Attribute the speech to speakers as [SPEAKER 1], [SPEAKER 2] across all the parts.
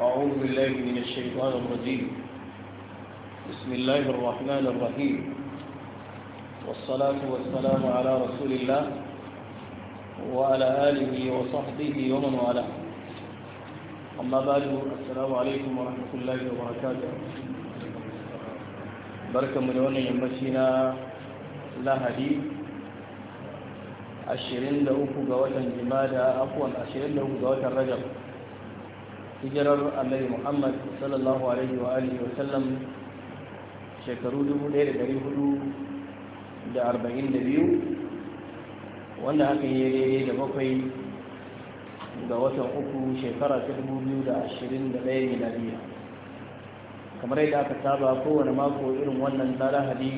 [SPEAKER 1] أعوذ بالله من الشيطان الرجيم بسم الله الرحمن الرحيم والصلاة والسلام على رسول الله وعلى آله وصحبه ومن والاه أما بعد السلام عليكم ورحمة الله وبركاته بركة وانا يمشينا لا حديث أشرين لأوكو uku جمالا أقوى أشرين لأوكو ashirin رجل hijirar annabi muhammad sallallahu alaihi wa alihi wa sallam shekaru 1442 wanda hakan yi daidai da bakwai ga watan uku shekara ta 2021 miladiya kamar yadda aka saba kowane mako irin wannan lahadi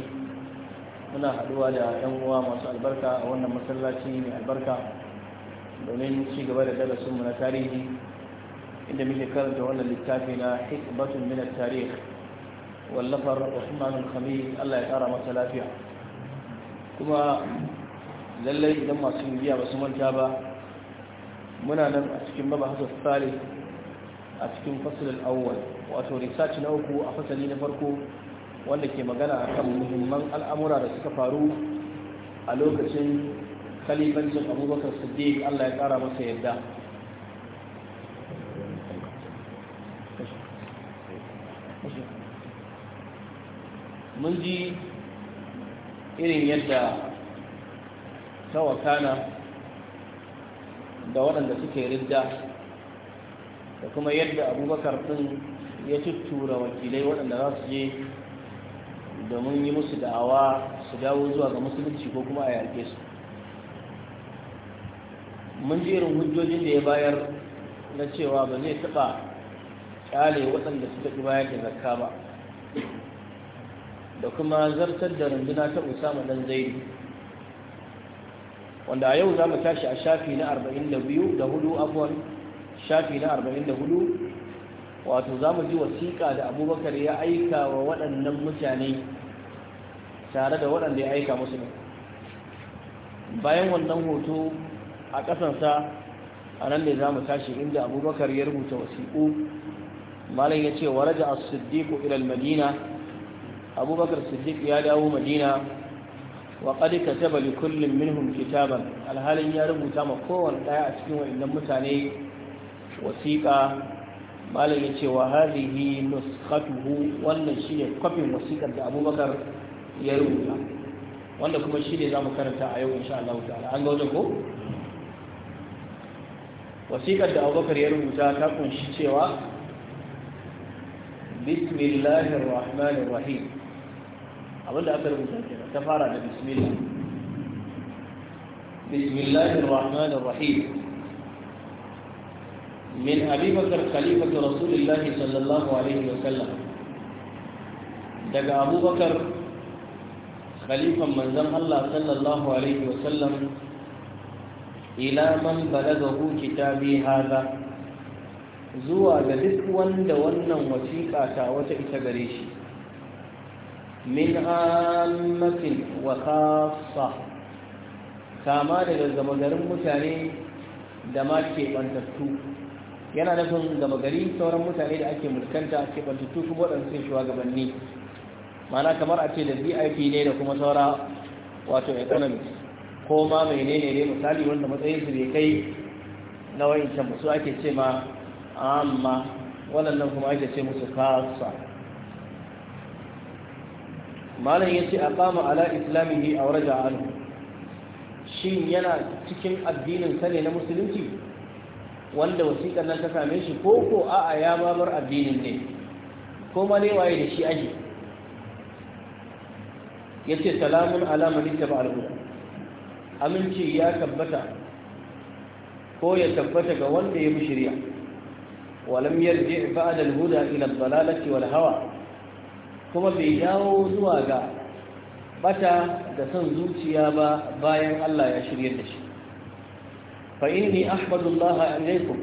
[SPEAKER 1] muna haduwa da 'yan uwa masu albarka a wannan masallaci mai albarka domin ci gaba da dalasunmu na tarihi inda muke karanta wannan littafi na hikmatun min at-tarikh wallafar Usman al-Khamis Allah ya kara masa lafiya kuma lallai idan masu biya ba su manta ba muna nan a cikin mabahasa tsari a cikin fasalin awwal wato research na uku a fasali na farko wanda ke magana akan muhimman al'amura da suka faru a lokacin kalifancin abubakar siddiq Allah ya kara masa yadda mun ji irin yadda ta wakana da waɗanda suke ridda da kuma yadda abubakar ɗin ya tuttura wakilai waɗanda za su je domin yi musu da'awa su dawo zuwa ga musulunci ko kuma a yarke su mun ji irin hujjojin da ya bayar na cewa ba zai taɓa ƙyale waɗanda suka ɗi bayar da zakka ba da kuma zartar da runduna ta usama dan zaidu wanda a yau za mu tashi a shafi na 42 da hudu abuwan shafi na 44 wato za mu ji wasiƙa da abubakar ya aika wa waɗannan mutane tare da waɗanda ya aika musu bayan wannan hoto a ƙasansa a nan ne za mu tashi inda abubakar ya rubuta wasiƙu malam ya ce wa raja as-siddiq ila al-madina abubakar siddiq ya dawo madina wa qad kataba li kullin minhum kitaban alhalin ya rubuta ma kowanne daya a cikin wayannan mutane wasiƙa malam yace wa hadhihi nuskhatuhu wannan shine kofin wasiƙar da abubakar ya rubuta wanda kuma shine mu karanta a yau insha Allah ta'ala an ga wajen ko wasiqar da abubakar ya rubuta ta kunshi cewa bismillahir rahmanir rahim abinda aka rubuta kenan ta fara da bismillah bismillahir rahmanir rahim min abi bakar khalifatu Rasulillah sallallahu alaihi wa sallam. daga abubakar khalifan manzon Allah sallallahu alaihi wa sallam. ila man balagahu kitabi hada zuwa ga duk wanda wannan wasiƙa ta wata ita gare shi min ammatin wa khassa kama daga zama garin mutane da ma keɓantattu yana nufin zama gari sauran mutane da ake mulkanta bantattu kuma waɗansu shugabanni mana kamar a ce da vip ne da kuma saura wato economic ko ma menene ne misali wanda matsayin su bai kai na wayancan musu ake ce ma amma waɗannan kuma ake ce musu kasa malam yace aqama ala islamihi aw raja anhu shin yana cikin addinin sa ne na musulunci wanda wasiƙar nan ta same shi ko ko a'a ya babar addinin ne ko ma ne waye da shi aje yace salamun ala man ittaba al aminci ya tabbata ko ya tabbata ga wanda ya bi shari'a walam yarji ba'da al-huda ila ad-dalalati wal hawa kuma bai dawo zuwa ga bata da son zuciya ba bayan Allah ya shirye da shi fa inni ahmadullaha alaikum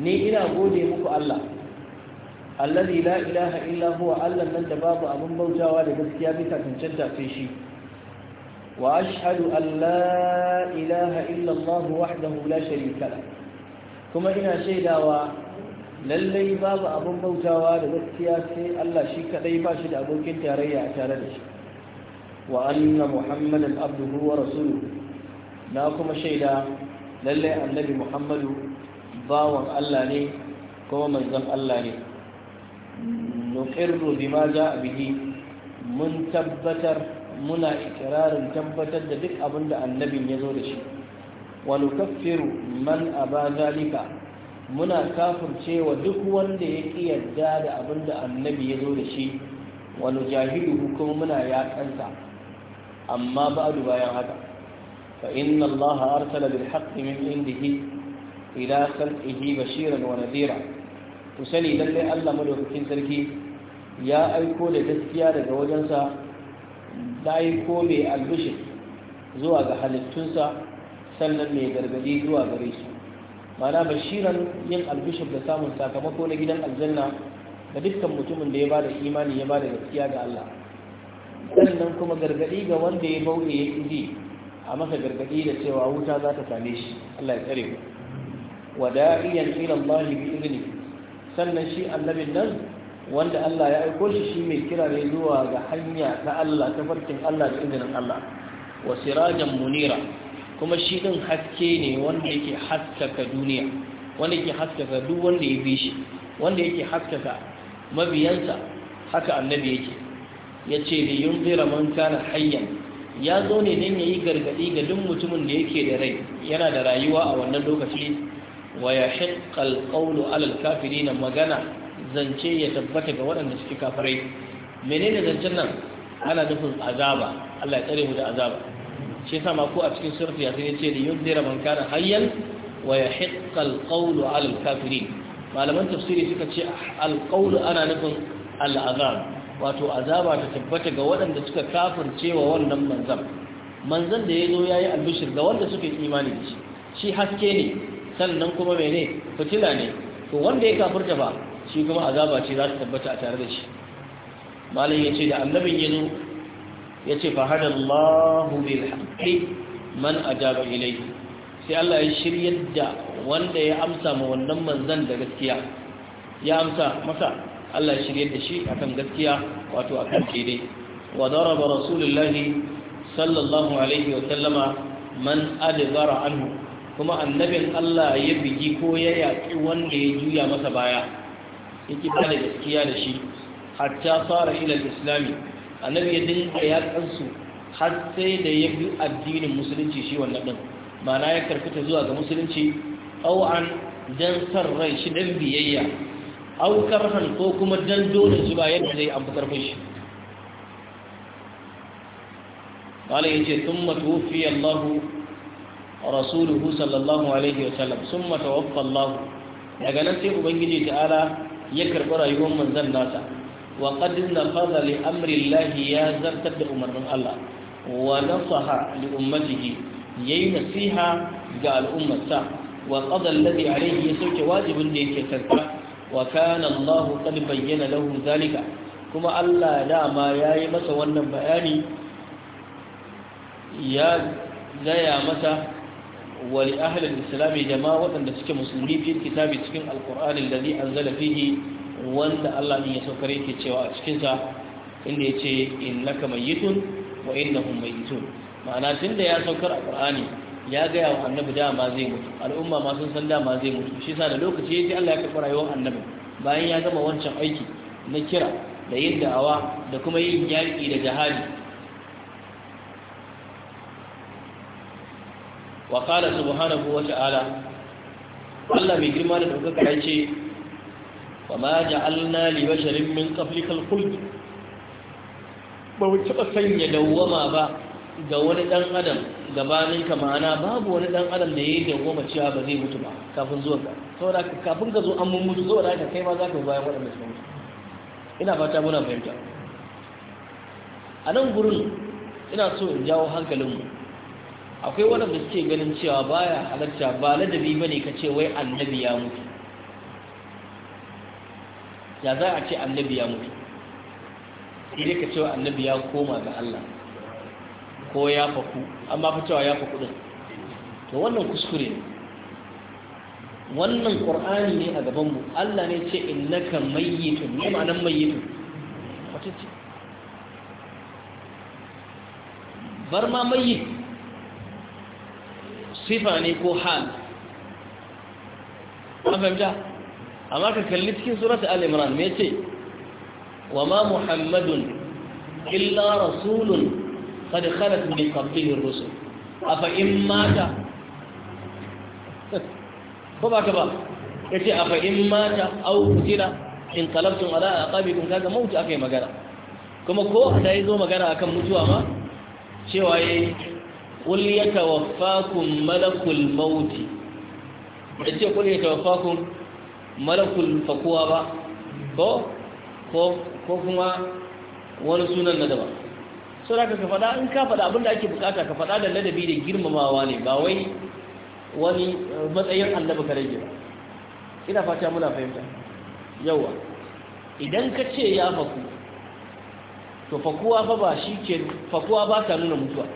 [SPEAKER 1] ni ina gode muku Allah alladhi la ilaha illa huwa Allah nan da babu abin bautawa da gaskiya bisa cancanta sai shi wa ashhadu an la ilaha illa Allah wahdahu la sharika la kuma ina shaidawa lallai babu abin bautawa da gaskiya sai Allah shi kadai ba shi da abokin tarayya a tare da shi wa anna muhammadan abduhu wa rasuluhu na kuma shaida lallai annabi muhammadu bawan Allah ne kuma manzon Allah ne nuqirru bima jaa bihi mun tabbatar muna ikirarin tabbatar da duk abin da annabin ya zo da shi wa nukaffiru man aba zalika muna wa duk wanda ya ƙi yarda da abin da annabi ya zo da shi wani jahilu kuma muna yaƙansa amma ba a bayan haka fa inna Allah arsala bil haqqi min indihi ila khalqihi bashiran wa nadira to sani lalle Allah madaukakin sarki ya aiko da gaskiya daga wajensa da aiko mai albishir zuwa ga halittunsa sannan mai gargadi zuwa gare shi. mana bashiran yin albishir da samun sakamako na gidan aljanna da dukkan mutumin da ya ba da imani ya bada gaskiya ga Allah sannan kuma gargadi ga wanda ya bauɗe ya ƙi a masa gargadi da cewa wuta za ta same shi Allah ya tsare ku wada'iyan ila Allah bi izni sannan shi annabin nan wanda Allah ya aiko shi shi mai kira ne zuwa ga hanya ta Allah ta farkin Allah da izinin Allah wa sirajan munira kuma shi ɗin haske ne wanda yake haskaka duniya wanda yake haskaka duk wanda ya bi shi wanda yake haskaka mabiyansa haka annabi yake ya ce da yin zira man kana hayyan ya zo ne don ya yi gargaɗi ga duk mutumin da yake da rai yana da rayuwa a wannan lokaci wa ya shiƙal ƙaunu alal kafiri na magana zance ya tabbata ga waɗanda suke kafirai menene zancen nan ana nufin azaba allah ya tsare mu da azaba shi sa ma a cikin surfi ya sai yace da yunzira man kana hayyan wa yahiqqa alqawlu ala alkafirin malaman tafsiri suka ce alqawlu ana nufin al'azab wato azaba ta tabbata ga waɗanda suka kafin wa wannan manzan manzan da ya zo ya yi albishir ga wanda suka yi imani da shi shi haske ne sannan kuma ne? fitila ne to wanda ya kafirta ba shi kuma azaba ce za ta tabbata a tare da shi malam ya ce da annabin ya zo yace fa hada Allahu bil haqqi man ajaba ilayhi sai Allah ya shiryar da wanda ya amsa ma wannan manzon da gaskiya ya amsa masa Allah ya shiryar da shi akan gaskiya wato akan daidai wa daraba rasulullahi sallallahu alaihi wa sallama man adbara anhu kuma annabin Allah ya bigi ko ya yaki wanda ya juya masa baya yake bada gaskiya da shi hatta fara ila islami annabi ya dinga ya yaƙansu har sai da ya bi addinin musulunci shi wannan ɗin ma'ana ya karkata zuwa ga musulunci an dan san rai shi dan biyayya au karhan ko kuma dan dole shi ba yadda zai amfi karfin shi قال yace thumma tuwfi Allah rasuluhu sallallahu alaihi wa sallam thumma tawaffa Allah daga nan sai ubangiji ta'ala ya karɓi rayuwar manzon nasa wa qad nafaza li amri Allah ya zartar da umarnin Allah wa nasaha li ummatihi yayi nasiha ga al'ummata wa qada alladhi alayhi ya sauke wajibin da yake kansa wa kana Allah qad bayyana lahu zalika kuma Allah dama yayi masa wannan bayani ya gaya masa wa li ahli al-islam jama'a wadanda suke musulmi fi kitabi cikin alqur'ani alladhi anzala fihi wanda Allah ne ya saukar ke cewa a cikinsa inda ya ce innaka mayyitun wa innahum mayyitun ma'ana tunda ya saukar a Qur'ani ya gaya wa annabi dama zai mutu al'umma ma sun san dama zai mutu shi yasa da lokaci yaji Allah ya karɓi rayuwar annabi bayan ya gama wancan aiki na kira da yin da'awa da kuma yin yaƙi da jihadi wa qala subhanahu wa ta'ala Allah mai girma da ɗaukaka ya ce وما جعلنا لبشر من قبلك khuld ba mu taɓa sanya dawwama ba ga wani ɗan adam gabanin ka ma'ana babu wani ɗan adam da ya yi dawwama cewa ba zai mutu ba kafin zuwa ka saboda kafin ka zo an mun mutu saboda ka kai ma za ka bayan waɗanda suka mutu ina fata muna fahimta a nan gurin ina so in jawo hankalinmu akwai waɗanda suke ganin cewa baya halarta ba ladabi bane ka ce wai annabi ya mutu ya za a ce annabi ya mutu sai ka cewa annabi ya koma ga Allah ko ya faku amma fa cewa ya faku din to wannan kuskure ne wannan qur'ani ne a gaban mu Allah ne ce innaka mayyitun ne ma'anan mayyitun wata ce bar ma mayyit sifa ne ko hal an fahimta amma ka kalli cikin surata al-imran me ce wa ma muhammadun illa rasulun qad khalat min qablihi ar-rusul afa in mata ko ba ka ba yace afa in mata aw kutila in qalabtum ala aqabikum kaga mautu akai magana kuma ko da yazo magana akan mutuwa ma cewa yayi qul yatawaffakum malakul maut yace qul yatawaffakum malakul fakuwa ba ko ko kuma wani sunan na daba sau da ka faɗa in ka faɗa abinda ake bukata ka faɗa da ladabi da girmamawa ne ba wai wani eh, matsayin allaba ka rage ba ina fata muna fahimta yawa idan ka ce ya faku to fakuwa fa ba shi ke fakuwa ba ta nuna mutuwa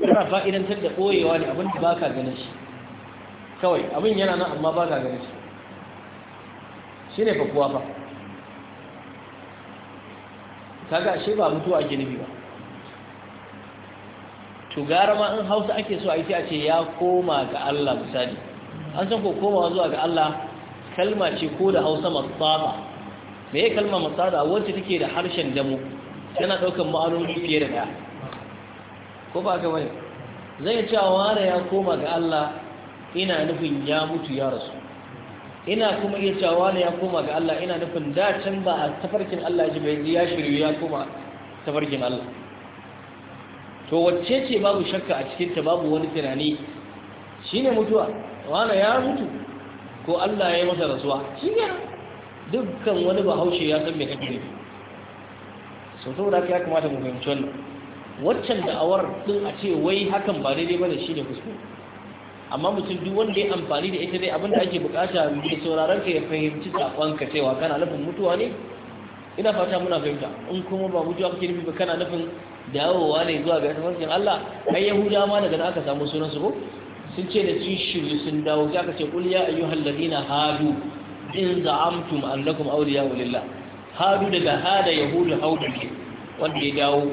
[SPEAKER 1] yana fa'idantar da ɓoyewa ne abinda ba ka gane shi kawai abin yana nan amma ba ka gane shi shi ne fafuwa fa kaga ashe ba mutuwa ake nufi ba to gara ma in hausa ake so a yi ce ya koma ga Allah misali an san ko komawa zuwa ga Allah kalma ce ko da hausa masada. me ya kalma matsaba wacce take da harshen damu tana ɗaukar ma'anoni fiye da ɗaya ko ba ka bane zai ce ware ya koma ga Allah ina nufin ya mutu ya rasu ina kuma iya cewa ne ya koma ga Allah ina nufin da can ba a tafarkin Allah ji bai ya shiryu ya koma tafarkin Allah to wacce ce babu shakka a cikin ta babu wani tunani shine mutuwa wani ya mutu ko Allah ya yi masa rasuwa shine dukkan wani bahaushe ya san me kake nufi so saboda ya kamata mu fahimci wannan waccan da'awar din a ce wai hakan ba daidai bane shine kuskure amma mutum duk wanda ya amfani da ita dai abinda ake bukata mai sauraron ka ya fahimci sakonka cewa kana nufin mutuwa ne ina fata muna fahimta in kuma ba mutuwa kake nufi ba kana nufin dawowa ne zuwa ga tafarkin Allah kai yahuda ma daga nan aka samu sunan su ko sun ce da sun shirye sun dawo sai aka ce kul ya ayyuhal ladina hadu in za'amtum annakum awliya lillah hadu daga hada yahudu haudu wanda ya dawo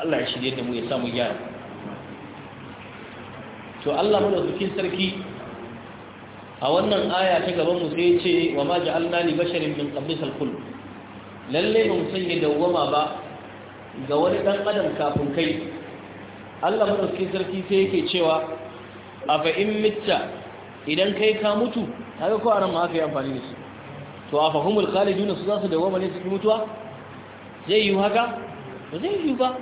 [SPEAKER 1] Allah ya shirye da mu ya samu gyara to Allah madaukakin sarki a wannan aya ta gaban mu sai ce wa ma ja'alna li basharin min qablis al-khuld lalle mun sanya dawama ba ga wani dan adam kafin kai Allah madaukakin sarki sai yake cewa afa in mitta idan kai ka mutu kaga ko aran ma aka yi amfani da shi to afa humul khaliduna su za su dawwama ne su mutuwa zai yi haka ba zai yi ba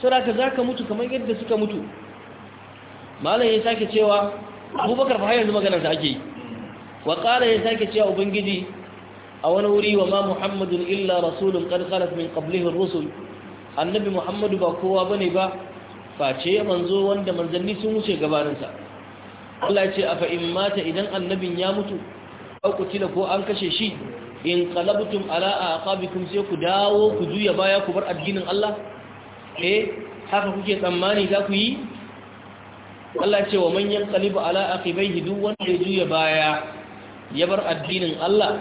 [SPEAKER 1] saboda ka zaka mutu kamar yadda suka mutu malam ya sake cewa abubakar fa yanzu magana ta ake yi wa ya sake cewa ubangiji a wani wuri wa ma muhammadun illa rasulun qad khalat min kablihin rusul annabi muhammadu ba kowa bane ba face manzo wanda manzanni sun wuce gabaninsa. Allah ya ce a in mata idan annabin ya mutu ku tilo ko an kashe shi in qalabtum ala aqabikum sai ku dawo ku juya baya ku bar addinin Allah eh haka kuke tsammani za ku yi Allah ce wa manyan kalibu ala bai duk wanda ya juya baya ya bar addinin Allah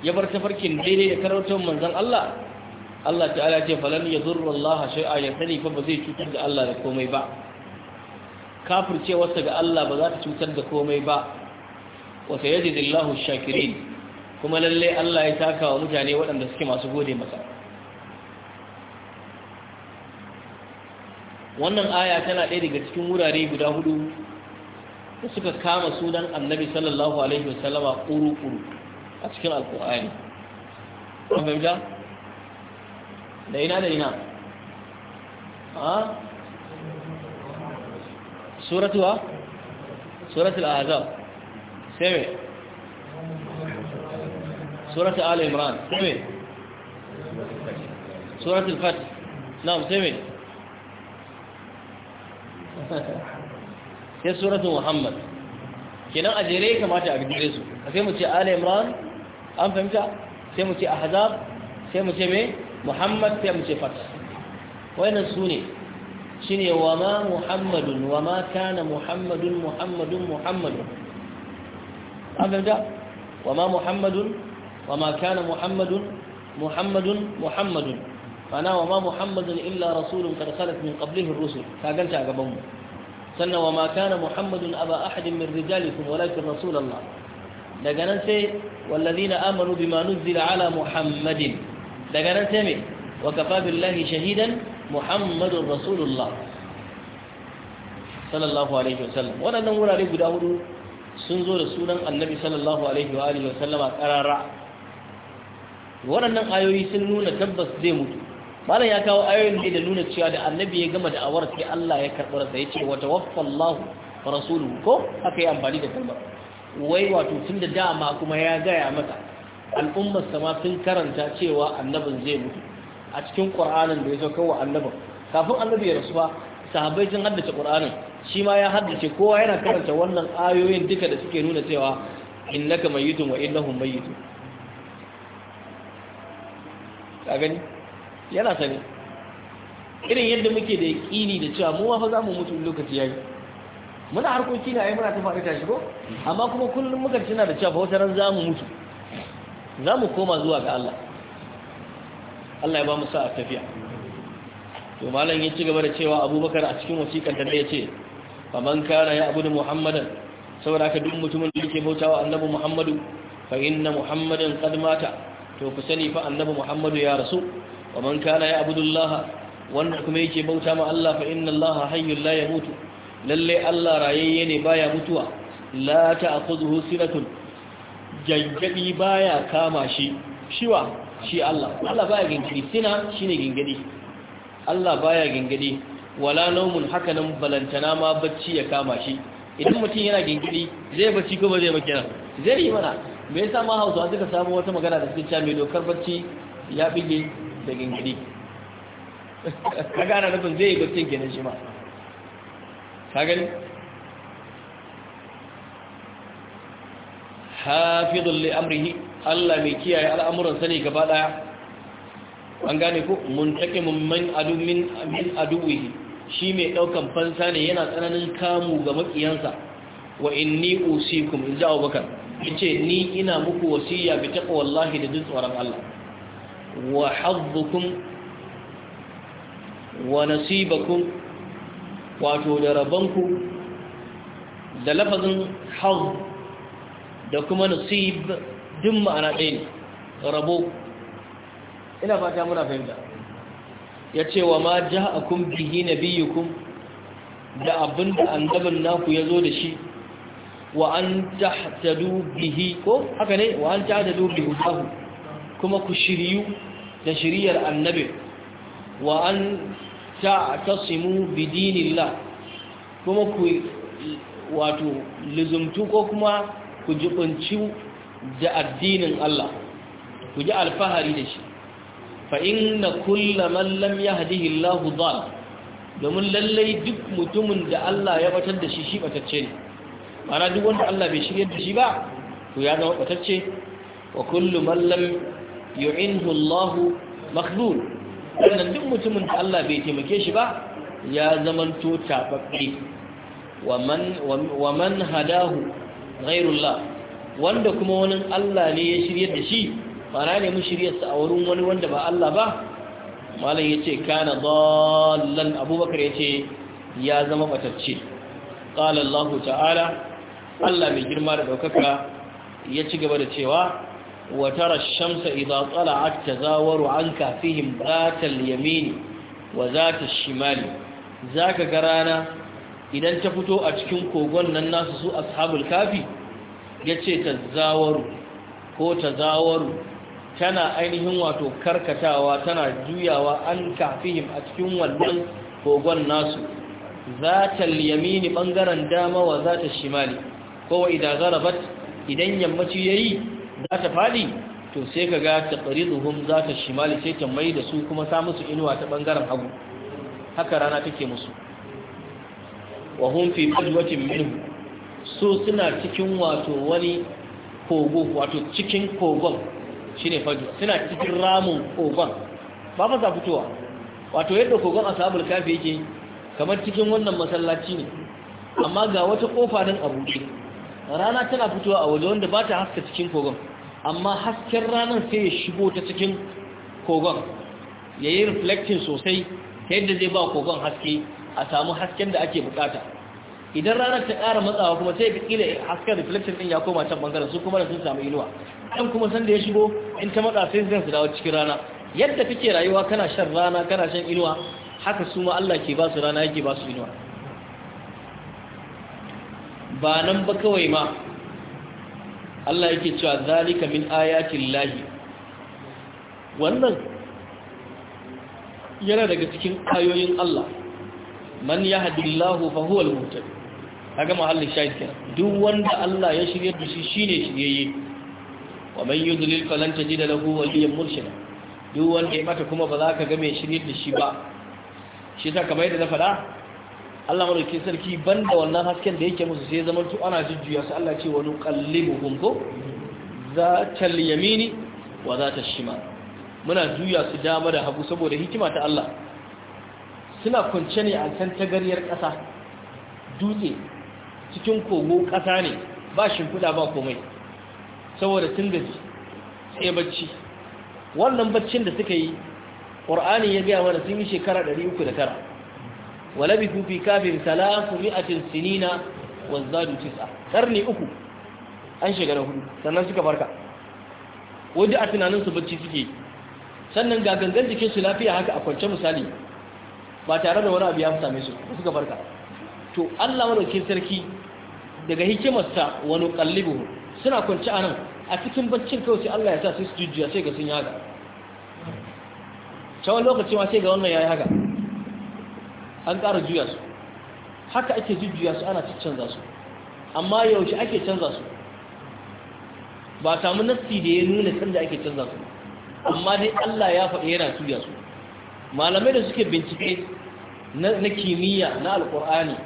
[SPEAKER 1] ya bar tafarkin daidai da karautar manzon Allah Allah ta'ala ce falan ya Allah shay'a ya sani fa ba zai cutar da Allah da komai ba kafircewarsa ga Allah ba za ta cutar da komai ba wa dillahu shakirin kuma lalle Allah ya taka wa mutane waɗanda suke masu gode masa wannan aya tana ɗaya daga cikin wurare guda hudu da suka kama sunan annabi sallallahu alaihi wa sallama ƙuru-ƙuru a cikin alƙu'ari ɗan fahimta da ina da ina a suratuwa suratul azab sai suratul al-imran sai suratul fat na sai sai suratu muhammad kenan a jere kamata a gidire su sai mu ce ala imran an fahimta sai mu ce ahzab sai mu ce me muhammad sai mu ce fat wayannan su ne shine wa ma muhammadun wa ma kana muhammadun muhammadun muhammadun an fahimta wa ma muhammadun wa ma kana muhammadun muhammadun muhammadun ma'ana wa ma muhammadun illa rasulun qad khalat min qablihi ar-rusul ka ganta a gaban mu sannan wa ma kana muhammadun aba ahadin min rijalikum walakin rasulullah daga nan sai wallazina amanu bima nuzila ala muhammadin daga nan sai me wa kafa billahi shahidan muhammadun rasulullah sallallahu alaihi wasallam wadannan wurare guda hudu sun zo da sunan annabi sallallahu alaihi wa alihi wasallama karara waɗannan ayoyi sun nuna tabbas zai mutu malam ya kawo ayoyin da da nuna cewa da annabi ya gama da awar sai Allah ya karbar sa yace wa lahu wa rasuluhu ko aka yi amfani da kalmar wai wato tun da dama kuma ya gaya mata al'ummar sama sun karanta cewa annabin zai mutu a cikin qur'anin da ya zo wa annabin kafin annabi ya rasu ba sahabbai sun haddace qur'anin shi ma ya haddace kowa yana karanta wannan ayoyin duka da suke nuna cewa innaka mayyitun wa innahum mayyitun ka gani yana sani irin yadda muke da yaƙini da cewa mu fa za mu mutu lokaci yayi muna harkoki na ai muna ta faɗi tashi ko amma kuma kullum muka tuna da cewa fa ran za mu mutu za mu koma zuwa ga Allah Allah ya ba mu sa'a tafiya to malam ya ci gaba da cewa Abubakar a cikin wasiƙar da ya ce man kana ya abudu Muhammadan saboda haka duk mutumin da yake bautawa Annabi Muhammadu fa inna Muhammadan qad mata to ku sani fa Annabi Muhammadu ya rasu wa man kana ya abudullaha wanda kuma yake bauta ma Allah fa inna Allah hayyul la yamutu lalle Allah rayayye ne baya mutuwa la ta'khudhuhu sinatun gangadi baya kama shi shiwa shi Allah Allah baya gangadi sina shine gangadi Allah baya gangadi wala naumun hakanan balantana ma bacci ya kama shi idan mutum yana gangadi zai bacci ko ba zai ba kenan zai yi mana me yasa ma Hausawa suka samu wata magana da suke cewa mai dokar bacci ya bige da gingiri ka gana nufin zai yi baccin kenan shi ma ka gani hafizun li Allah mai kiyaye al'amuransa ne gaba an gane ko muntakimin min adu min shi mai ɗaukan fansa ne yana tsananin kamu ga makiyansa wa inni usikum in ji abubakar ce ni ina muku wasiya bi taqwallahi da jin tsoron Allah Wa وحظكم ونصيبكم wato da rabonku da lafazin haɗu, da kuma nasib duk ma'ana ɗaya ne rabo ina fata muna fahimta ya ce wa ma ja a kun bihi na biyu kun? da abin da annabin naku ya zo da shi wa an ta bihi ko haka ne wa an ta bihi ku kuma ku shiryu da shiriyar annabi wa an ta'tasimu bi dinillah kuma ku wato lizumtu ko kuma ku jibunci da addinin Allah ku ji alfahari da shi fa inna kullaman lam yahdihi Allahu dhal domin lallai duk mutumin da Allah ya batar da shi shi batacce ne ma'ana duk wanda Allah bai shirye da shi ba to ya zama batacce wa kullu man lam yu'inhu Allah makhzul sannan duk mutumin da Allah bai taimake shi ba ya to tababbe wa man hadahu ghairullah wanda kuma wani Allah ne ya shirye da shi mana ne mu sa a wurin wani wanda ba Allah ba malam yace kana dallan abubakar yace ya zama batacce qala Allah ta'ala Allah mai girma da daukaka ya ci gaba da cewa وترى الشمس إذا طلعت تزاور عن كافهم ذات اليمين وذات الشمال ذاك قرانا إذا تفتو أتكين كوغن الناس سوء أصحاب الكافي يتي تزاور هو تزاور تنا أينهم واتو كركتا وتنا جويا وأن كافهم أتكين والبن كوغن الناس ذات اليمين بنغران داما وذات الشمال هو إذا غربت إذا يمتي يي za ta fadi to sai ka ga taqriduhum za ta shimali sai ta mai da su kuma sa musu inuwa ta bangaren hagu haka rana take musu wa hum fi fadwatin min su suna cikin wato wani kogo wato cikin kogon shine fadwa suna cikin ramun kogon ba fa za fitowa wato yadda kogon ashabul kafi yake kamar cikin wannan masallaci ne amma ga wata kofa nan a buɗe rana tana fitowa a waje wanda ba ta haska cikin kogon amma hasken ranar sai ya shigo ta cikin kogon ya yi reflecting sosai ta yadda zai ba kogon haske a samu hasken da ake bukata idan ranar ta kara matsawa kuma sai ya kila hasken reflection ɗin ya koma can bangaren su kuma da sun samu inuwa an kuma san da ya shigo in ta matsa sai zan su dawo cikin rana yadda kake rayuwa kana shan rana kana shan inuwa haka su ma Allah ke ba su rana yake ba su inuwa ba nan ba kawai ma Allah yake cewa zalika min ayatin lahi wannan yana daga cikin ayoyin Allah man yahdillahu fa huwa al-muhtadi kaga mahallin shahid duk wanda Allah ya shirye da shi shine shiryayye wa man yudlil falan tajida lahu waliyyan murshida duk wanda ya mata kuma ba za ka ga mai shirye da shi ba shi sa kamar yadda na faɗa Allah madauki sarki banda wannan hasken da yake musu sai zaman ana jujjuya su Allah ce wa nuqallibuhum ko za tal yamini wa za ta shima muna juya su dama da hagu saboda hikima ta Allah suna kunce ne a kan tagariyar ƙasa dutse cikin kogo ƙasa ne ba shimfiɗa ba komai saboda tun gaji sai bacci wannan baccin da suka yi ƙur'ani ya gaya mana sun yi shekara 309 ولبثوا في كافر ثلاثمائة سنين وازدادوا تسعة قرني uku, an shekara hudu sannan suka farka wajen a tunanin su bacci suke sannan ga gangan jikin su lafiya haka a kwance misali ba tare da wani abu ya same su suka farka to Allah madaukin sarki daga hikimarsa wani kallibu suna kwance a nan. a cikin baccin kawai sai Allah ya sa su jujjuya sai ga sun yi haka tsawon lokaci ma sai ga wannan ya yi haka an ƙara juya su haka ake jujjuya su ana canza su amma yaushe ake canza su ba samu nassi da ya nuna canza ake canza su amma dai Allah ya faɗi yana juya su malamai da suke bincike na kimiyya na alƙur'ani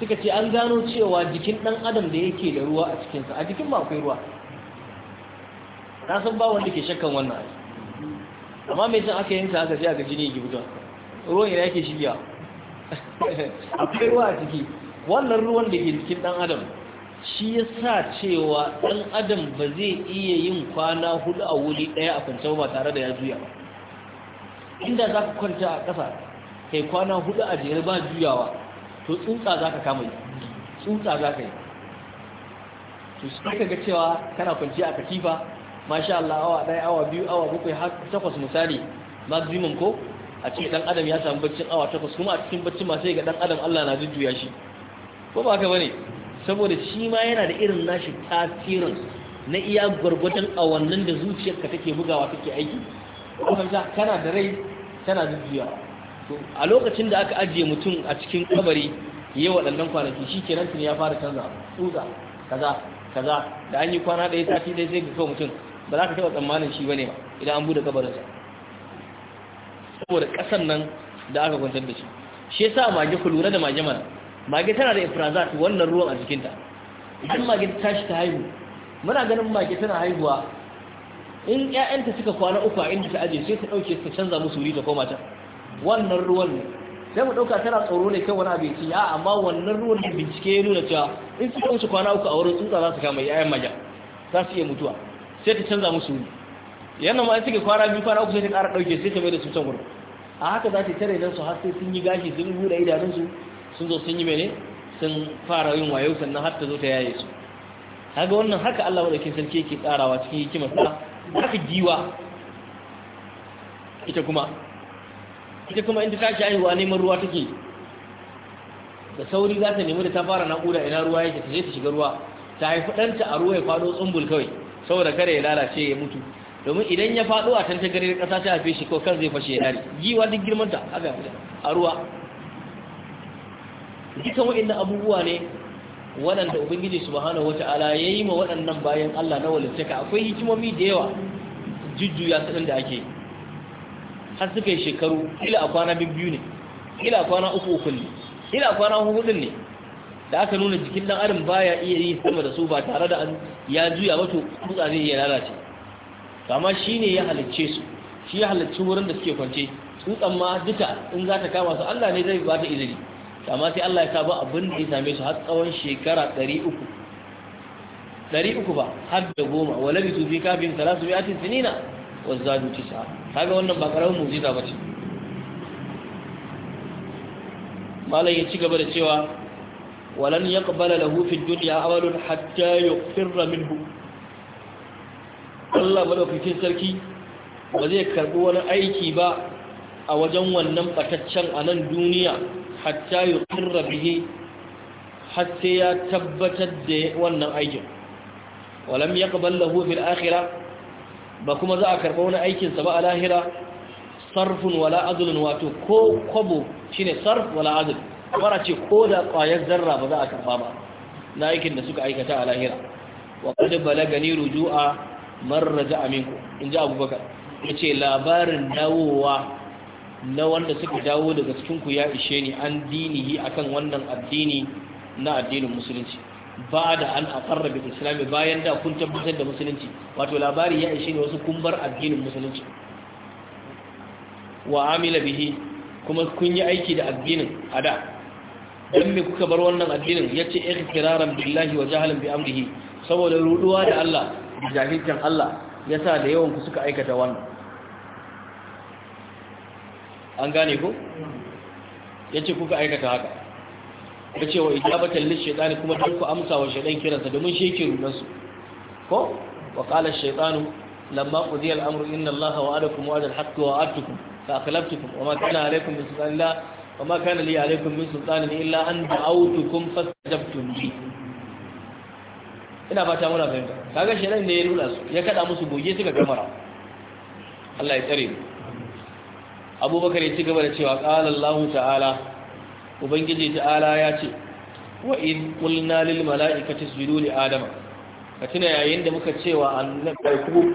[SPEAKER 1] suka ce an gano cewa jikin ɗan adam da yake da ruwa a cikinsa a jikin ba akwai ruwa na san ba wanda ke shakkan wannan amma mai san aka yanka haka sai aka jini gibuta ruwan yana yake shirya akwai ruwa a ciki wannan ruwan da ke cikin ɗan adam shi ya sa cewa ɗan adam ba zai iya yin kwana hudu a wuri ɗaya a kwance ba tare da ya juya ba inda za ka kwanta a ƙasa kai kwana hudu a jere ba juyawa to tsutsa za ka kama yi tsutsa za ka yi to sai ka ga cewa kana kwanci a katifa masha Allah awa ɗaya awa biyu awa bukwai har takwas misali maximum ko a ce dan adam ya samu baccin awa takwas kuma a cikin baccin ma sai ga dan adam Allah na jujjuya shi ko ba haka bane saboda shi ma yana da irin nashi tasirin na iya gwargwadon awannin da zuciyarka take bugawa take aiki kuma kana da rai tana jujjuya to a lokacin da aka ajiye mutum a cikin kabari yayi waɗannan kwanaki shi kenan tun ya fara canza tsutsa kaza kaza da an yi kwana ɗaya sati ɗaya sai ga kawo mutum ba za ka taɓa tsammanin shi bane ba idan an bude kabarinsa saboda ƙasar nan da aka kwantar da shi shi ya yasa mage ku lura da mage mana mage tana da ifrazat wannan ruwan a jikinta idan mage ta tashi ta haihu muna ganin mage tana haihuwa in ƴaƴanta suka kwana uku a inda ta aje sai ta ɗauke ta canza musu wuri ta koma ta wannan ruwan ne sai mu ɗauka tana tsoro ne kai wani abu ci a amma wannan ruwan da bincike ya nuna cewa in suka wuce kwana uku a wurin tsutsa za su kama ƴaƴan mage za su iya mutuwa sai ta canza musu wuri yana ma suke kwara biyu kwara uku sai ta ƙara ɗauke sai ta mai da su can gudu a haka za ta tare don su har sai sun yi gashi sun buɗe idanunsu sun zo sun yi mene sun fara yin wayo sannan har ta zo ta yaye su haka wannan haka Allah ke sarki yake tsarawa cikin hikimar ta haka giwa ita kuma ita kuma inda ta tashi aihuwa neman ruwa take da sauri za ta nemi da ta fara naƙuda ina ruwa yake ta je ta shiga ruwa ta haifi ɗanta a ruwa ya faɗo tsumbul kawai saboda kare ya lalace ya mutu domin idan ya faɗo a da ƙasa ta haife shi ko kan zai fashe ya dare giwa duk girmanta haka a ruwa dukan waɗannan abubuwa ne waɗanda ubangiji wata Ala ya yi ma waɗannan bayan Allah na walittaka akwai hikimomi da yawa jujjuya sanin da ake har suka yi shekaru ila a kwana biyu ne ila a kwana uku uku ne ila a kwana hudu ne da aka nuna jikin ɗan adam baya iya yi sama da su ba tare da ya juya wato kutsa zai iya lalace kama shi ne ya halicce su shi ya halicci wurin da suke kwance tsutsan ma duka in za ta kama su Allah ne zai ba ta izini kama sai Allah ya sa ba abin da ya same su har tsawon shekara 300 300 ba har da goma wa labisu fi kafin talasu bi'atin sinina wa zadu tisa kaga wannan ba karamin mu'jiza bace malai ya ci gaba da cewa walan yaqbala lahu fi dunya awalun hatta yuqfirra minhu Allah madaukakin sarki ba zai karbi wani aiki ba a wajen wannan bataccen a nan duniya hatta yi ƙirra bihe hatta ya tabbatar da wannan aikin walam ya ƙabar lahu fil ba kuma za a karɓa wani aikinsa ba a lahira sarfin wala azulun wato ko kwabo shine sarf wala azul kamar ce ko da ƙwayar zarra ba za a karɓa ba na aikin da suka aikata a lahira wa kada balagani ruju'a Marar marraja aminku in ji abubakar ya ce labarin dawowa na wanda suka dawo daga cikinku ya ishe ni an dinihi akan wannan addini na addinin musulunci ba da an akarra bin islami bayan da kun tabbatar da musulunci wato labari ya ishe ne wasu kun bar addinin musulunci wa amila bihi kuma kun yi aiki da addinin a da don me kuka bar wannan addinin ya ce ikiraran billahi wa jahalin bi amrihi saboda ruduwa da Allah da jahilcin Allah ya sa da yawan suka aikata wannan an gane ku? ya ce kuka aikata haka ya ce wa ijabatan lishaitani kuma ta ku amsa wa shaɗan kiransa domin shekin yake rudansu ko wa qala ash lamma ku al-amru inna allaha wa adakun al-haqqi wa wa'adtukum fa akhlaftukum wa ma kana alaykum min sultanin la wa ma kana li alaykum min sultanin illa an da'awtukum fastajabtum bi ina fata muna fahimta kaga shi ne ya nuna su ya kada musu goge suka gamara Allah ya tsare mu abubakar ya ci gaba da cewa qala Allah ta'ala ubangiji ta'ala ya ce wa in qulna lil mala'ikati isjudu li adama ka tuna yayin da muka cewa annabi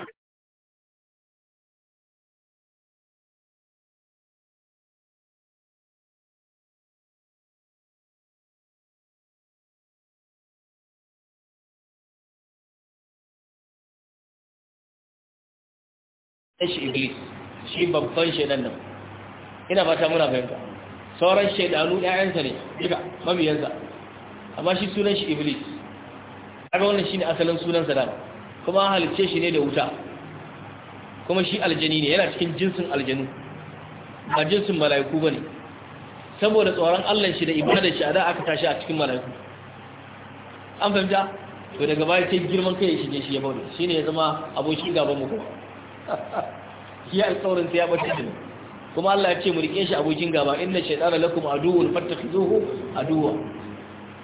[SPEAKER 1] shi iblis shi babban shaidan nan ina fata muna fahimta sauran shaidanu ƴaƴansa ne duka mabiyansa amma shi sunan shi iblis kaga wannan shine asalin sa da kuma halice shi ne da wuta kuma shi aljani ne yana cikin jinsin aljanu ba jinsin mala'iku bane saboda tsoron Allah shi da ibadar shi a da aka tashi a cikin mala'iku an fahimta to daga baya sai girman kai ya ne shi ya bauta shine ya zama abokin gaban mu kuma ya alƙawarin sai ya bace shi kuma Allah ya ce mu rike shi abokin gaba inna shaytana lakum aduwwun fattakhiduhu aduwwa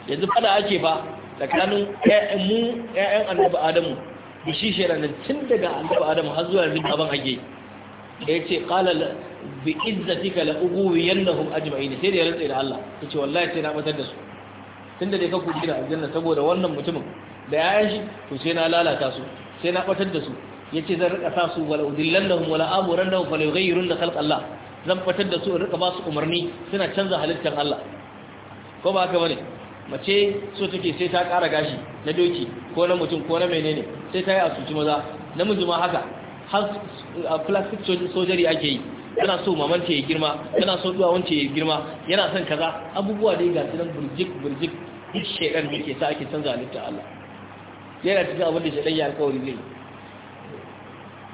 [SPEAKER 1] yanzu fada ake ba tsakanin ƴaƴan mu ƴaƴan annabi Adamu da shi shaytanin tun daga annabi Adamu har zuwa yanzu baban ake ce qala bi izzatika la ughwiyannahum ajma'in sai da ya rantsa da Allah yace wallahi sai na matar da su Tun da dai ka kuɗi da aljanna saboda wannan mutumin da ya shi to sai na lalata su sai na batar da su yace zan rika sa su wala da wala amurannahum fala yughayyirunna khalq Allah zan fitar da su in rika ba su umarni suna canza halittar Allah ko ba haka bane mace so take sai ta ƙara gashi na doki ko na mutum ko na menene sai ta yi asuci maza namiji ma haka har plastic surgery ake yi yana so ce ya girma yana so wance ya girma yana son kaza abubuwa dai ga nan burjik burjik duk shekar da ke sa ake canza halittar Allah yana cikin abin da shaidan ya alkawari zai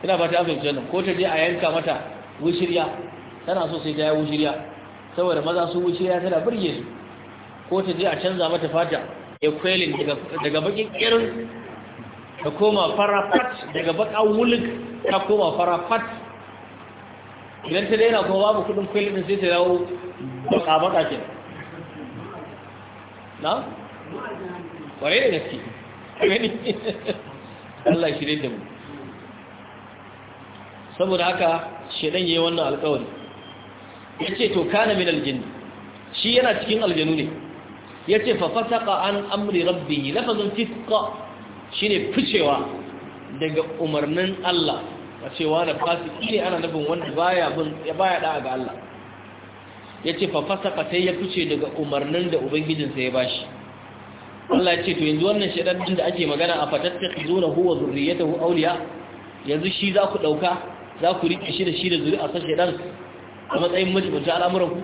[SPEAKER 1] ina ba ta amince wannan ko ta je a yanka mata wushirya tana so sai ta yi wushirya saboda maza su wushirya tana birge su ko ta je a canza mata fata kwelin daga bakin kirin ta koma farafat daga bakan wulik ta koma farafat idan ta daina kuma babu kudin kwalin sai ta yawo baka baka ke na? kware da gaske Allah shirin da mu saboda haka shedan yayi wannan alƙawari yace to kana min aljinn shi yana cikin aljanu ne yace fa fasaqa an amri rabbihi lafazun shi shine ficewa daga umarnin Allah a cewa da fasiki ne ana nabin wanda baya bin baya da ga Allah yace fa fasaqa sai ya fice daga umarnin da ubangijinsa ya bashi Allah ya ce to yanzu wannan shedan din da ake magana a fatattakhizuna huwa zurriyatuhu awliya yanzu shi za ku dauka za ku riƙe shi da shi da zuri a sashe ɗan a matsayin majibinta al'amuranku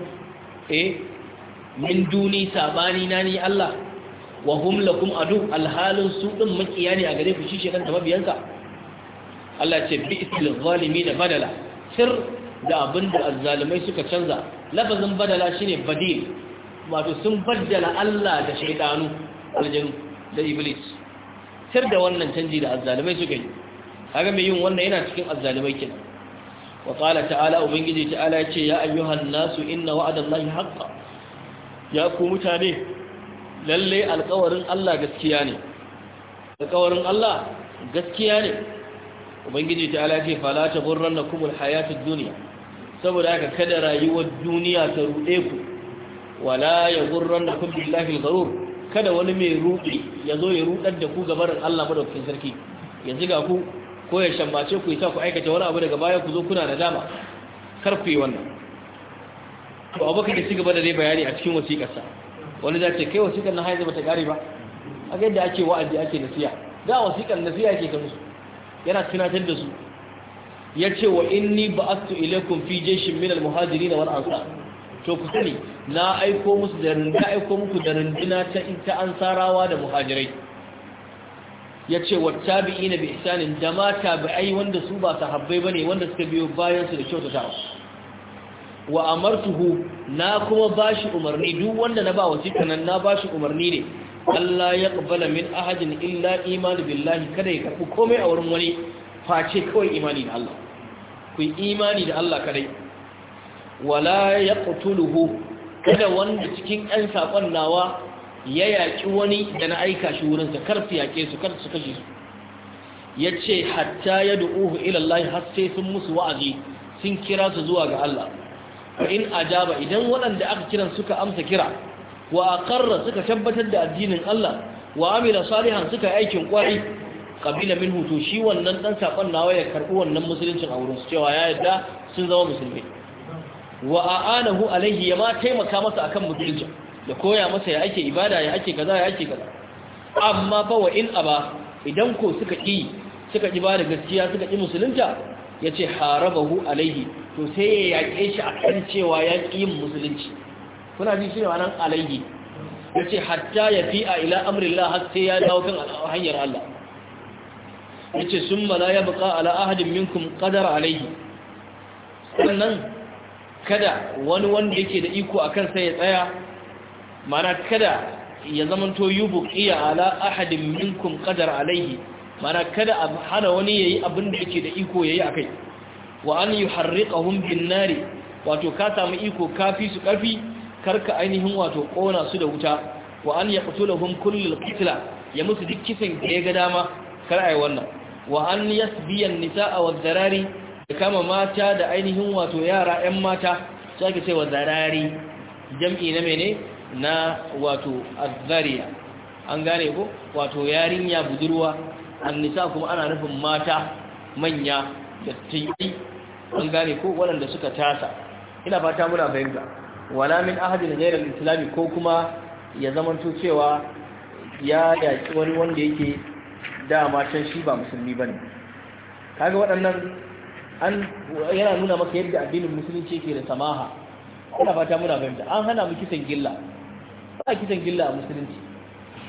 [SPEAKER 1] eh min duni saɓani na ni Allah wa hum lakum adu alhalin su ɗin makiya ne a gare ku shi shekan da mabiyansa Allah ce bi isil zalimi da badala sir da abin da azzalimai suka canza lafazin badala shine badil wato sun baddala Allah da shaidanu aljanu da iblis sir da wannan canji da azzalimai suka yi kaga mai yin wannan yana cikin azzalimai kenan wa qala ta'ala ubangiji ta'ala yace ya ayyuhan nasu inna wa'adallahi haqqan ya ku mutane lalle alƙawarin Allah gaskiya ne alƙawarin Allah gaskiya ne ubangiji ta'ala yace fala taburrannakumul hayatud dunya saboda haka kada rayuwar duniya ta ruɗe ku wala ya gurran billahi kada wani mai ruɗi ya zo ya ruɗar da ku gabarin Allah madaukakin sarki yanzu ga ku ko ya shambace ku sa ku aikata wani abu daga baya ku zo kuna nadama kar ku yi wannan to abubakar da cigaba da dai bayani a cikin wasiƙarsa wani za ce kai wasiƙar na haizu bata ƙare ba a ga yadda ake wa'azi ake nasiya da wasiƙar nasiya ke ta musu yana tunatar da su ya ce wa inni su ilaikum fi jayshin min al-muhajirin wani ansar to ku sani na aiko musu da na aiko muku da runduna ta ta ansarawa da muhajirai ya ce wa tabi'ina bi isanin da ma tabi'ai wanda su ba sahabbai bane wanda suka biyo bayansu da kyautatawa wa amartuhu na kuma bashi umarni duk wanda na ba wasika na bashi umarni ne Allah ya qabbala min ahadin illa iman billahi kada ya karɓi komai a wurin wani face kawai imani da Allah ku imani da Allah kadai wala tuluhu kada wanda cikin ɗan sakon nawa ya yaƙi wani da na aika shi wurinsa kar su yaƙe su kar su kashe su ya ce hatta ya du'uhu ilallahi har sai sun musu wa'azi sun kira su zuwa ga Allah in ajaba idan waɗanda aka kiran suka amsa kira wa aqarra suka tabbatar da addinin Allah wa amila salihan suka aikin kwari kabila minhu to shi wannan dan sakon nawa ya karbi wannan musuluncin a wurin su cewa ya yadda sun zama musulmi wa aanahu alaihi ya ma taimaka masa akan musuluncin Da koya masa ya ake ibada ya ake kaza ya ake kaza amma fa wa in aba idan ko suka ki suka ba bada gaskiya suka ki musulunta yace harabahu alaihi to sai ya yake shi kan cewa ya ki yin musulunci kuna ji shi wannan alaihi yace hatta ya a ila amrillah har sai ya dawo kan hanyar Allah yace summa la yabqa ala ahadin minkum qadara alaihi sannan kada wani wanda yake da iko akan sai ya tsaya mana kada ya zamanto yubu iya ala ahadin minkum qadar alaihi mana kada a hana wani yayi abin da yake da iko yayi akai wa an yuharriqahum bin nari wato ka samu iko kafi su kafi karka ainihin wato kona su da wuta wa an yaqtuluhum kullul qitla ya musu duk kisan da ya ga dama kar ai wannan wa an yasbiyan nisaa wa zarari kama mata da ainihin wato yara 'yan mata sai ka ce wa zarari jam'i na mene na wato azzariya an gane ko wato yarinya budurwa annisa kuma ana nufin mata manya da tayi an gane ko waɗanda suka tasa ina fata muna fahimta wala min ahadin ghayril islami ko kuma ya zamanto cewa ya yaki wani wanda yake dama can shi ba musulmi bane kaga waɗannan an yana nuna maka yadda addinin musulunci yake da samaha ina fata muna fahimta an hana mu kisan gilla ba kitan gilla a musulunci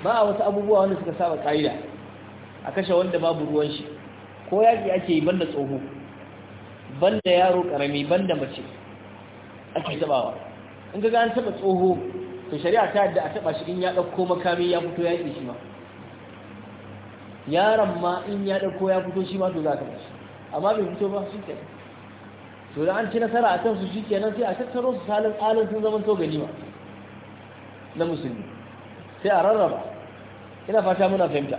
[SPEAKER 1] ba a wasu abubuwa wanda suka saba ƙa'ida a kashe wanda babu ruwan shi ko yaƙi ake yi banda tsoho banda yaro ƙarami banda mace ake tabawa in ka an taɓa tsoho to shari'a ta yadda a taɓa shi in ya ɗauko makami ya fito ya yi shi ma yaron ma in ya ɗauko ya fito shi ma to za ka shi amma bai fito ba shi kenan to da an ci nasara a kansu shi kenan sai a tattaro su salin alin sun zama to ganima na musulmi sai a rarraba ina fata muna fahimta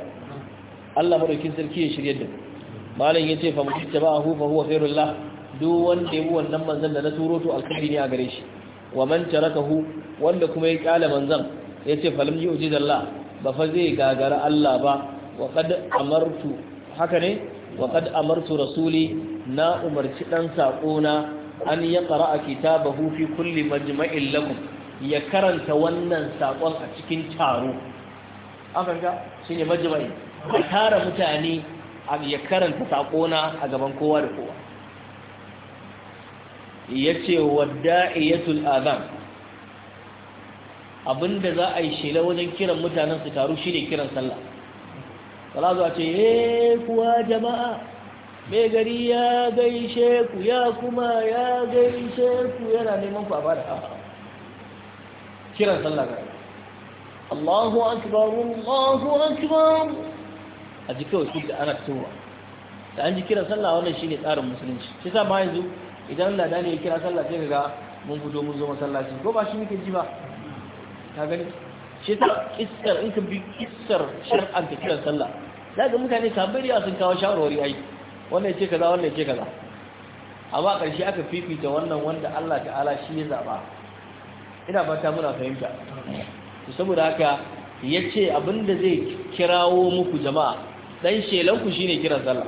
[SPEAKER 1] Allah madaukin sarki ya shirye da malam ce fa mutitta ba hu fa huwa khairul duk wanda yabi wannan manzon da na turo to alkhairi ne a gare shi wa man tarakahu wanda kuma ya kyale manzon ce falam yujizallah ba fa zai gagara Allah ba wa qad amartu haka ne wa qad amartu rasuli na umarci dan sako na an yaqra kitabahu fi kulli majma'in lakum ya karanta wannan saƙon a cikin taro afirka shi ne majibai a tara mutane ya karanta saƙona a gaban kowa da kowa ya ce wadda iyatul abinda za a yi shela wajen kiran mutanen su taru shi ne kiran sallah sala zuwa ce ye eh, kuwa jama'a mai gari ya gaishe ku ya kuma ya gaishe ku yana neman ku a ba kiran sallah ga Allahu akbar Allahu akbar a ji kawai su da ana fitowa da an ji kiran sallah wannan shine tsarin musulunci shi sa ba yanzu idan lada ne ya kira sallah sai kaga mun fito mun zo masallaci ko ba shi muke ji ba ka gani shi ta kissar in ka bi kissar shar'an ta kiran sallah ga mutane tambariya sun kawo shawarwari ai wannan ce kaza wannan ce kaza amma ƙarshe aka fifita wannan wanda Allah ta'ala shi ya zaba ina fata muna fahimta to saboda haka yace abinda zai kirawo muku jama'a dan shelan ku shine kiran sallah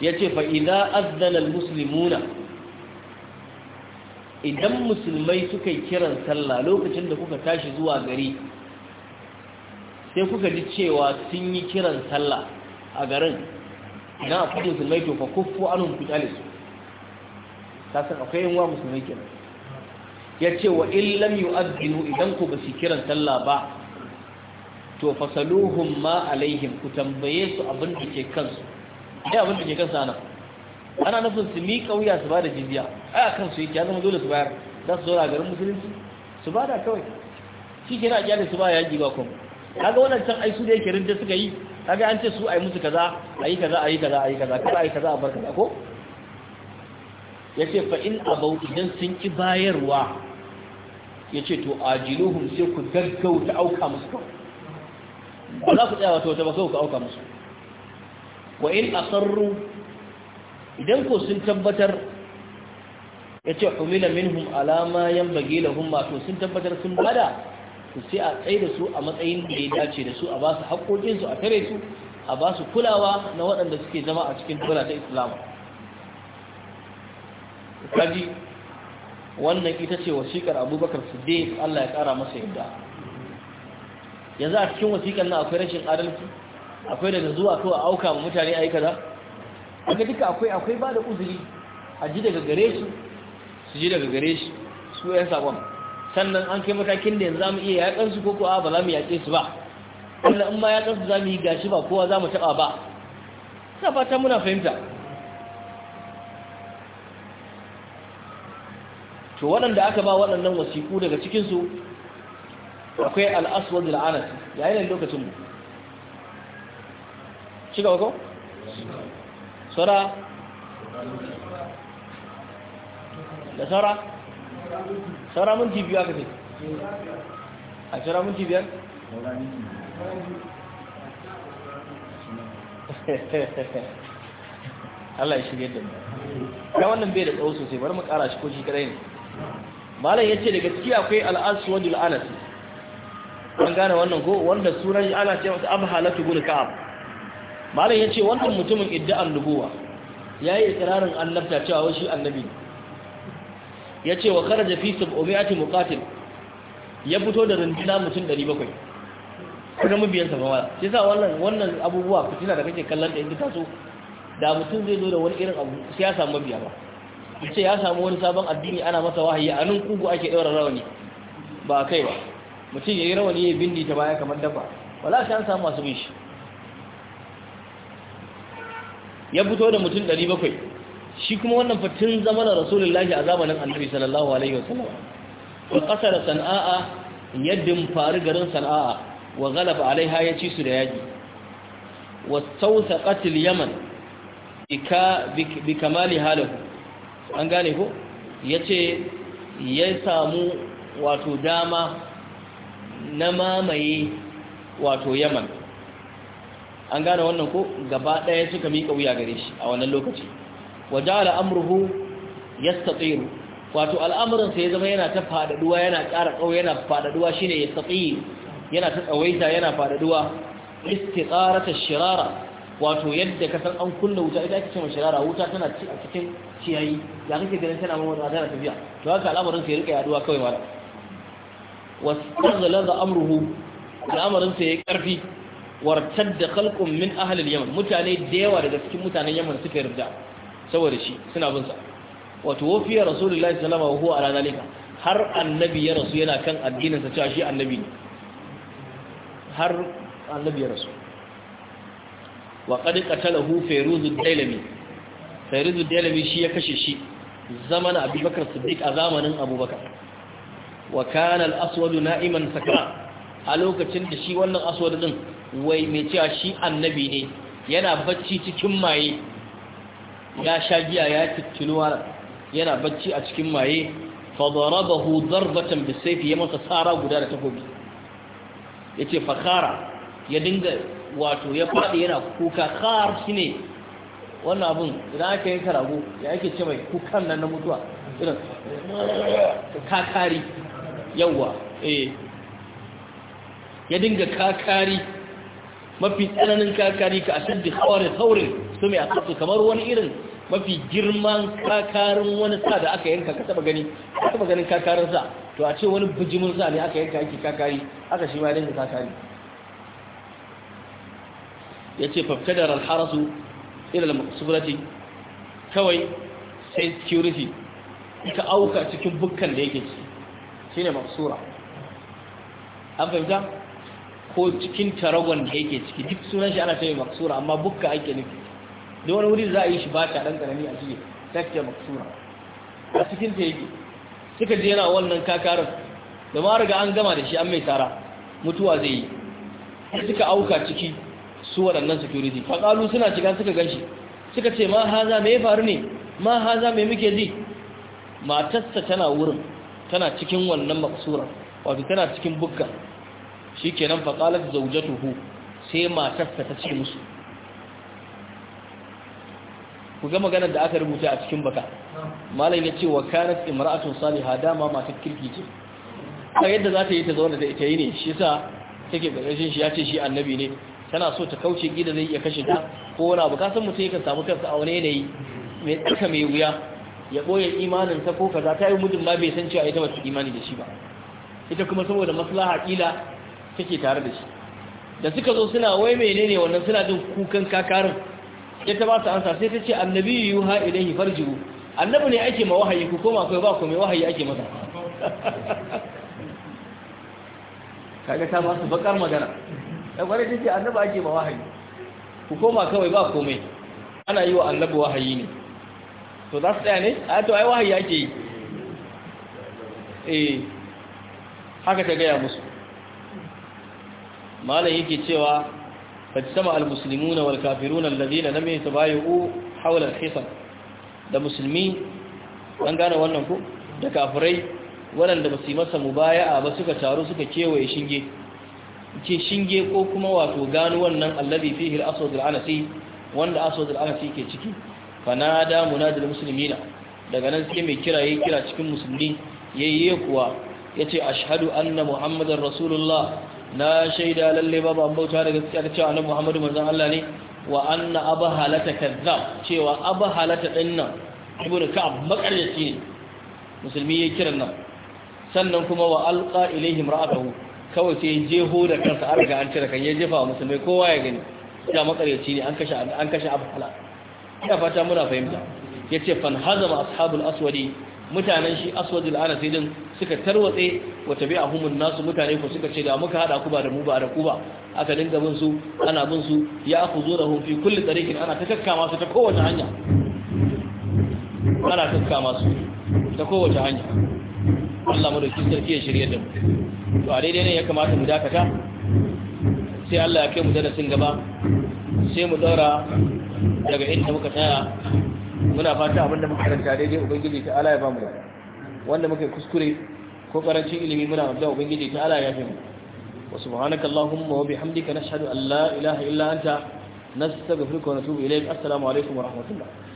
[SPEAKER 1] yace fa idza azzana almuslimuna idan musulmai suka yi kiran sallah lokacin da kuka tashi zuwa gari sai kuka ji cewa sun yi kiran sallah a garin idan akwai musulmai to fa kuffu anhum kutalisu san akwai yin wa musulmai kenan ya ce wa illam yu'adhinu idan ku ba su kiran sallah ba to fasaluhun ma alaihim ku tambaye su abin da ke kansu ai abin da ke kansu ana ana nufin su miƙa wuya su ba da jizya ai a kansu yake ya zama dole su bayar za su zora garin musulunci su ba da kawai shi ke na kyale su ba yaji ba kuma kaga wannan can ai su da yake rinje suka yi kaga an ce su ai musu kaza ayi kaza ayi kaza ayi kaza kaza, ayi kaza a bar kaza ko yace fa in abau idan sun ki bayarwa ya ce to ajiluhum sai ku gaggauta auka musu ba za ku tsaya wata wata ba sau ka auka musu wa in a sarru. idan ko sun tabbatar ya ce humila minhum alama yan bage lahum ma to sun tabbatar sun bada Ku sai a tsaye da su a matsayin da ya dace da su a ba su haƙoƙinsu a tare su a ba su kulawa na waɗanda suke zama a cikin dola ta islamu kaji wannan ita ce wasiƙar abubakar siddiq allah ya ƙara masa yadda yanzu a cikin wasiƙar nan akwai rashin adalci akwai daga zuwa a auka ma mutane a yi kaza wanda duka akwai akwai ba da uzuri a ji daga gare su su ji daga gare shi su yan sabon sannan an kai matakin da yanzu za mu iya yaƙar su ko ko a ba za mu yaƙe su ba wanda in ma yaƙar su za mu yi gashi ba kowa za mu taɓa ba ta fata muna fahimta to waɗanda aka ba waɗannan wasiku daga cikinsu akwai al'aswar da la'anasi yayin da lokacin mu shi ga ko? sara da tsara? tsara minti biyu aka ce a mun minti biyar? Allah ya shirye da mu. Ya wannan bai da tsawo sosai bari mu kara shi ko shi kadai ne. malam yace da gaskiya akwai al-aswad al an gane wannan ko wanda sunan ana ce wata abhalatu bin ka'ab malam yace wannan mutumin idda'an nubuwa yayi ikrarin annabta cewa shi annabi yace wa kharaja fi 700 muqatil ya fito da runduna mutum 700 kuma mabiyan sa fa sai sa wannan wannan abubuwa fitina da kake kallon da inda taso da mutum zai zo da wani irin abu sai ya samu mabiya ba ya ce ya samu wani sabon addini ana masa wahayi a nan kugu ake ɗaura rawani ba kai ba mutum ya yi rawani ya bindi ta baya kamar dafa wala shi an samu masu bin ya fito da mutum ɗari bakwai shi kuma wannan fatin rasulun rasulullahi a zamanin annabi sallallahu alaihi wasallam wa kasar sana'a yadda faru garin sana'a wa galaba alaiha ya ci su da yaji wa tausa tausaqatil yaman bi kamali halahu an gane ko ya ce ya samu wato dama na mamaye wato yaman an gane wannan ko gaba ɗaya suka miƙa wuya gare shi a wannan lokaci waje al'amurhu ya statsiru wato al'amuransa ya zama yana ta faɗaɗuwa yana ƙara ƙau yana faɗaɗuwa shi ne ya yana ta tsawaita yana faɗaɗuwa istiƙarata shirara wato yadda kasar an kunna wuta ita ake cewa shirara wuta tana ci a cikin ciyayi ya kake ganin tana mamman a tana tafiya to haka al'amarin sai ya rika yaduwa kawai mara wasu da amruhu al'amarin sai ya karfi wartar da khalqun min ahli yaman mutane da yawa daga cikin mutanen yaman suka yarda saboda shi suna bin sa wato wafiya rasulullahi sallallahu alaihi wasallam huwa ala zalika har annabi ya rasu yana kan addinin sa cewa shi annabi ne har annabi ya rasu wa qad qatalahu fayruzud dailami fayruzud shi ya kashe shi zamanin abubakar siddiq a zamanin abubakar wa kana al-aswad na'iman a lokacin da shi wannan aswadu din wai mai cewa shi annabi ne yana bacci cikin maye ya sha giya ya tittiluwa yana bacci a cikin maye fa darabahu darbatan ya masa tsara guda da takobi yace fakara ya dinga wato ya faɗi yana kuka shi shine wannan abin idan aka yi karago ya ake ce mai kukan nan na mutuwa irin kakari yawa eh ya dinga kakari mafi tsananin kakari ka da khawari saurin su mai akasu kamar wani irin mafi girman kakarin wani sa da aka yanka ka taba gani ka taba ganin kakarin sa to a ce wani bijimin sa ne aka yanka ake kakari aka shi ma dinga kakari ya ce fafkadar alharasu ila masurati kawai sai security ta auka cikin bukkan da yake ciki shi ne masura an fahimta ko cikin taragon da yake ciki duk sunan shi ana ce maksura amma bukka ake nufi da wani wuri za a yi shi ba ta ɗan ƙarami a ciki ta ke a cikin ta yake suka je yana wannan kakarar da ma riga an gama da shi an mai tara mutuwa zai yi suka auka ciki su waɗannan security faƙalu suna shiga suka ganshi suka ce ma haza me faru ne ma haza me muke ji matarsa tana wurin tana cikin wannan maksurar wato tana cikin bukka shikenan faqalat tuhu sai matarsa ta ce musu ku ga maganar da aka rubuta a cikin baka malam ya ce wa kanat imra'atun salihah dama matar kirki ce a yadda za ta yi ta zauna da ita yi ne shi sa take ƙarƙashin shi ya ce shi annabi ne tana so ta kauce gida zai iya kashe ta ko wani abu kasan mutum yakan samu kansa a wani yanayi mai tsaka mai wuya ya ɓoye imanin ta ko kaza ta yi mudun ma bai san cewa ita ba ta imani da shi ba ita kuma saboda maslaha kila take tare da shi da suka zo suna wai menene wannan suna jin kukan kakarin ita ba su ansa sai ta ce annabi yu ha ilahi farjiu annabi ne ake ma wahayi ku koma akwai ba ku mai wahayi ake masa kaga ta ba su bakar magana da eh, kwarai ke annaba ake ba wahayi ku koma kawai ba komai ana yi wa annabi wahayi ne to za su tsaya ne a ah, to ai wahayi ake yi eh haka ta gaya musu malam yake cewa fajtama almuslimuna wal kafiruna alladhina lam yatabayu hawla al-hisab da musulmi an gane wannan ku da kafirai waɗanda ba su yi masa mubaya'a ba suka taru suka kewaye shinge ce shinge ko kuma wato gano wannan allazi fihi al-aswad al-anasi wanda aswad al-anasi ke ciki fanada munadil muslimina daga nan sai mai kira yayi kira cikin musulmi yayye kuwa yace ashhadu anna muhammadar rasulullah na shaida lalle babu an bauta da gaskiya ta cewa annabi muhammadu manzon Allah ne wa anna abahalata kazzab cewa abahalata dinnan ibnu ka'ab makaryaci ne musulmi yayi kiran nan sannan kuma wa alqa ilaihim ra'atahu kawai sai jeho da kansa an riga an cire kan ya jefa wa musulmai kowa ya gani ya makaryaci ne an kashe abu hala ina fata muna fahimta ya ce fan hazama ashabul aswadi mutanen shi aswadul anasi din suka tarwatse wa tabi'ahumun nasu mutane ku suka ce da muka hada ku ba da mu ba da ku ba aka dinga bin su ana bin su ya akhuzurahum fi kulli tariqin ana takakka masu ta kowace hanya ana takakka masu ta kowace hanya Allah madaukin sarki ya shirye da mu to a daidai ne ya kamata mu dakata sai Allah ya kai mu darasin gaba sai mu daura daga inda muka tsaya muna fata abinda muka karanta daidai ubangiji ta Allah ya wanda muka kuskure ko karancin ilimi muna abda ubangiji ta Allah ya fi mu wa subhanaka allahumma wa bihamdika nashhadu an la ilaha illa anta nastaghfiruka wa natubu ilayk assalamu alaikum wa rahmatullah